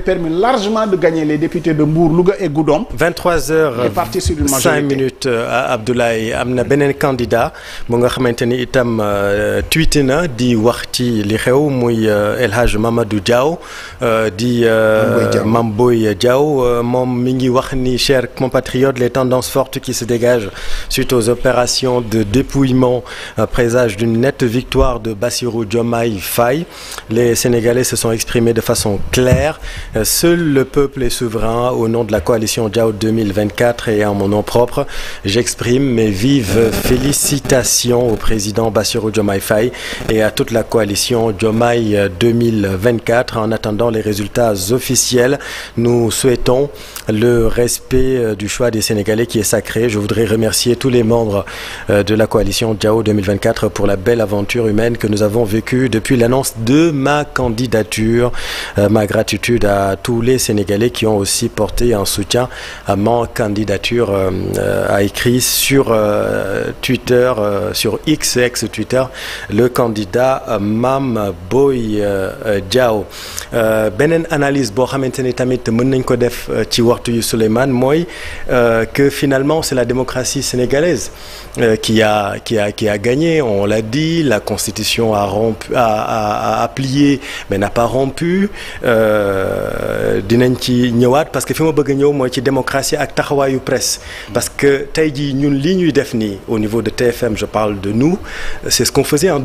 permis largement de gagner les députés de Louga et Goudomp. 23 heures et partir sur une majorité 5 minutes euh, am na beneen candidat mu nga xamante ni itam euh, tweeté na di wax ci li xew muy euh, El Hadj Mamadou Diaw di Mame Boye Diaw moom mi ngi wax ni chers compatriotes les tendances fortes qui se dégagent suite aux opérations de dépouillement présage d'une nette victoire de Bassirou Diomaye Faye les Sénégalais se sont exprimés de façon claire Seul le peuple est la coalition JAO 2024 et en mon nom propre, j'exprime mes vives félicitations au président Bassirou Diomaye Faye et à toute la coalition Diomaye 2024. En attendant les résultats officiels, nous souhaitons le respect euh, du choix des Sénégalais qui est sacré. Je voudrais remercier les membres euh, de la coalition JAO 2024 pour la belle aventure de ma candidature. Euh, ma à tous les Sénégalais qui ont aussi porté un soutien à ma candidature, euh, a écrit sur euh, Twitter, euh, sur XX Twitter, le candidat Mam Boy Diao. beneen analyse boo xamante ni tamit mën nañ ko def ci waxtu yu Souleymane mooy que finalement c'est la démocratie sénégalaise qui a qui a gagné on l'a dit la constitution a rompu mais n'a pas rompu dinañ ci ñëwaat parce que fi ma bëgg a ñëw mooy ci démocratie ak taxawaayu presse parce que tey ji ñun lii ñuy def nii au niveau de TFM je parle de nous c'est ce qu'on faisait en